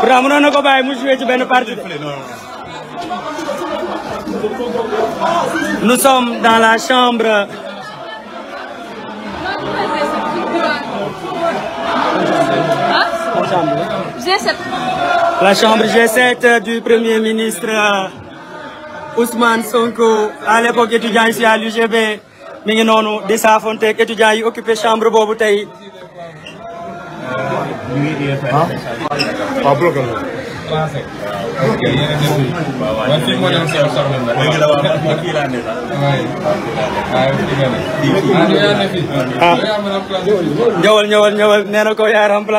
pourtant mënoon na ko mu joué ci benn partie de. nous sommes dans la chambre. G7. La chambre G7 du Premier ministre Ousmane Sonko à l'époque étudiant ici à l'UGB mi ngi noonu di saafonteeg étudiants yi occupé chambre boobu tey ah waaw bloqué la. waaw ok yéen a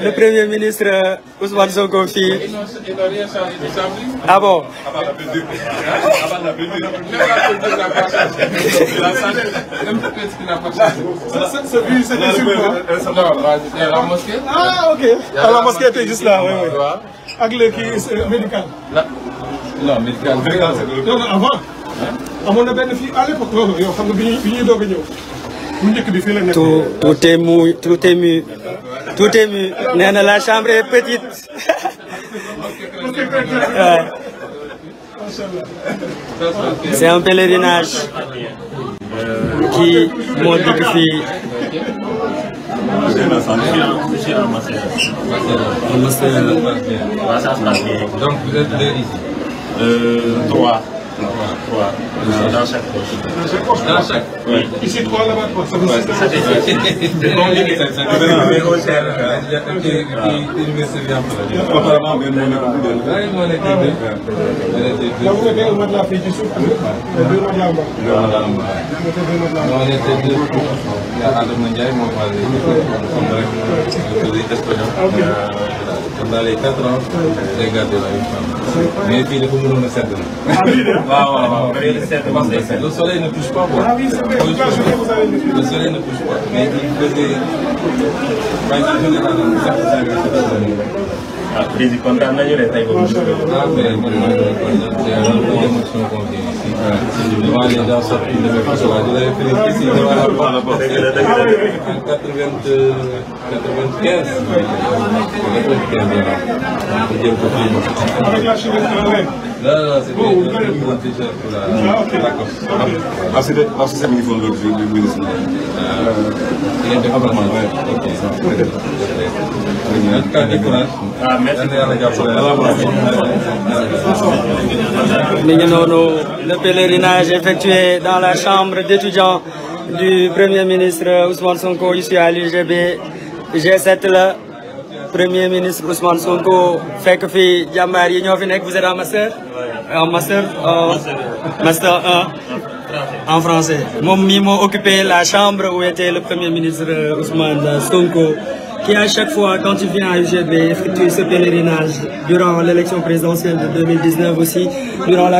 le premier ministre euh, Ousmane Sonko fii. ah bon. ah ok ah, la mosquée était juste là oui oui ak le kii médical. non médical. non non avant. amoon na benn fii à l'époque yow xam nga bi ñuy bi ñuy doog a ñëw. Tout, tout est mou, tout est mu, tout est mu. Nee na la chambre est petite. Ouais. C'est un pèlerinage qui moo dikk fii. Donc vous êtes deux ici. Euh, trois. 3. Dans chaque poche. Dans chaque poche Dans chaque. Oui. Ici 3, là-bas 3. Ça fait 6. C'est compliqué. C'est Pendant les 4 ans, j'ai gardé la une femme. mais fii dafa mënoon a sedd na. waaw waaw waaw fii la sedd parce que le soleil ne touche pas quoi. Ah le soleil ne touche pas mais il faisait ah président kontaan nañu ne tey moom. ah mais man maa ngi lay kontaan te alors que émotion qu'on vient ici. devant les gens sortis de mes personnages je l'avais fait ici devant la porte. dëgg la dëgg la en quatre vingt quatre vingt quinze. quatre vingt quinze waaw. jël ko fii. non non c'était le premier t-shirt pour la. d'accord. ah c'était ah c'est ça uniforme loolu du ministre. il y a des commandes. ok. en tout cas décourage. le pèlerinage effectué dans la chambre d'étudiants du Premier ministre Ousmane Sonko ici à l'UGB G7 Premier ministre Ousmane Sonko fekk fi jàmbaar yi ñoo fi nekk vous êtes en master en en master 1 français moom mi moo occupé la chambre où était le Premier ministre Ousmane Sonko qui à chaque fois, quand il vient à UGB, effectue ce pèlerinage durant l'élection présidentielle de 2019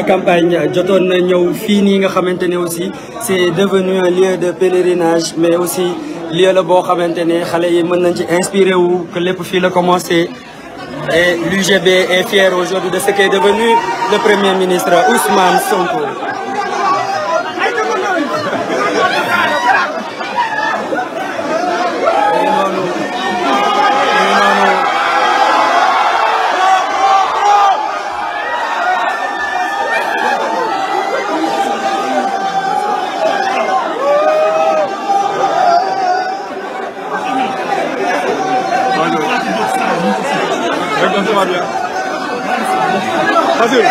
campagne jotoon na ñëw fii nii nga xamante ne aussi c'est devenu un lieu de pèlerinage mais aussi la boo xamante ne xale yi mën nañ ci inspiré wu lépp fii la commencé et l'UGB est fier aujourd'hui de ce qu'est devenu le premier ministre Basile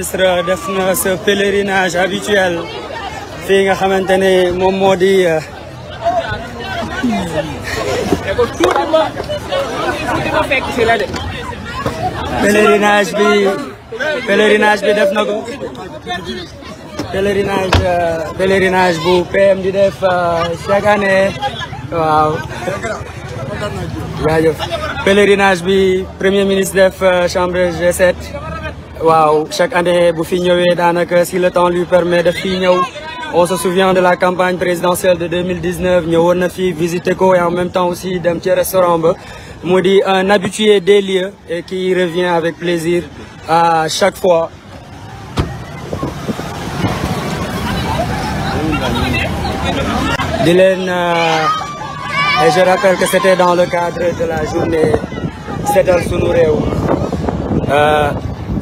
ministre def na ce nga xamante ne moom moo di euh, bi pèlerinage def na ko pèlerinage euh, bu PM di def euh, chaque année waaw jaajëf bi premier ministre def chambre g waaw chaque année bu fi ñëwee daanaka si le temps lui permet daf fi ñëw on se souvient de la campagne présidentielle de 2019 ñëwoon na fi visiter ko et en même temps aussi dem ci restaurant ba mu di un habitué des lieux et qui revient avec plaisir à chaque fois di leen euh, et je rappelle que c'était dans le cadre de la journée Setal Sunu Réew euh,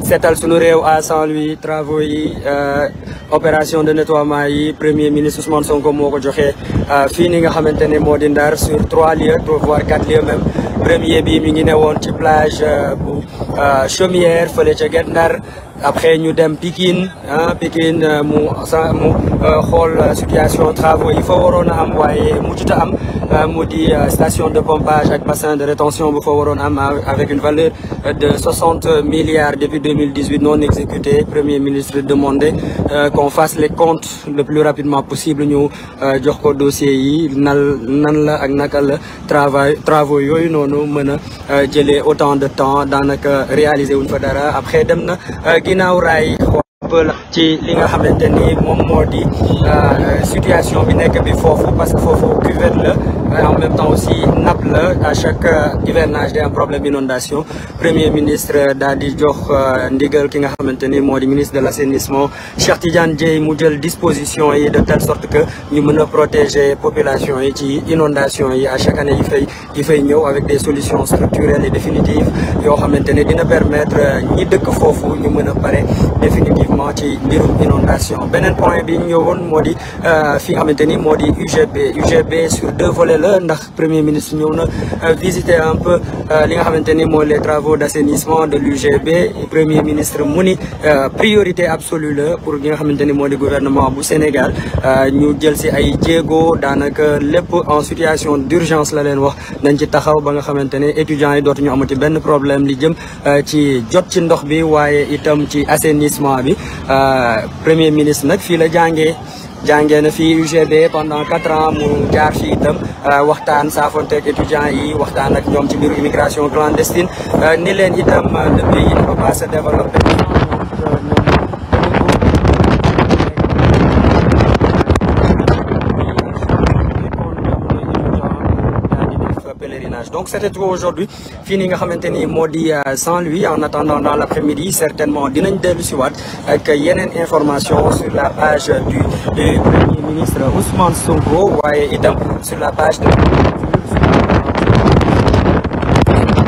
seetal suñu réew à Saint-Louis travaux euh, opération de nettoiement yi premier ministre Ousmane Sonko moo ko joxee euh, fii ni nga xamante ne moo di Ndar sur trois lieux voire quatre lieux même premier bi mi ngi ne woon ci plage euh, bu Chaumière fële ca Guet Ndar après ñu dem Pikine ah Pikine euh, mu sa mu euh, xool euh, situation travaux yi fa waroon am waaye mujjut a am mu di station de pompage ak bassin de rétention bu foo waroon a am ah, avec une valeur de soixante milliards depuis deux mille dix huit non exécuté premier ministre demandé qu'on fasse les comptes le plus rapidement possible ñu jox ko dossier yi nan nan la ak naka la travail travaux yooyu noonu mën a jëlee autant de temps daanaka réaliser wuñ fa dara après dem ginnaaw raay xool ci li nga xamante ni moom moo di euh, situation bi nekk bi foofu parce que foofu cuvette la mais en même temps aussi napp la à chaque euh, hivernage day am problème inondation premier ministre daal di jox euh, ndigal ki nga xamante ni moo di ministre de l' assainissement Cheikh Tidiane Dièye mu jël disposition yi de telle sorte que ñu mën a protéger population yi ci inondation yi à chaque année yi fay yi fay ñëw avec des solutions structurelles et définitives yoo xamante ne dina permettre euh, ñi dëkk foofu ñu mën a pare définitivement ci mbirum inondation beneen point moo di la ndax premier ministre ñëw na euh, visiter un peu euh, li nga xamante ni mooy les travaux d' assainissement de l'UGB premier ministre mu ni euh, priorité absolue la pour ñi nga xamante ni moo di gouvernement bu Sénégal ñu jël si ay jéego daanaka lépp en situation d' la leen wax nañ ci taxaw ba nga xamante ne étudiants yi dootuñu amati benn problème li jëm ci jot ci ndox bi waaye itam ci assainissement bi premier ministre nag fii la jàngee jàngee na fii UGB pendant quatre ans mu jaar fii itam euh, waxtaan saafonteeg étudiants yi waxtaan ak ñoom ci mbiru immigration clandestine euh, ni leen itam euh, le pays ne peut pas se pèlerinage donc c'était tout aujourd'hui fii nii nga xamante ni moo di euh, Saint-Louis en attendant dans l'après-midi certainement dinañ dellu si waat ak yeneen information sur la page du premier ministre Ousmane Sonko waaye itam sur la page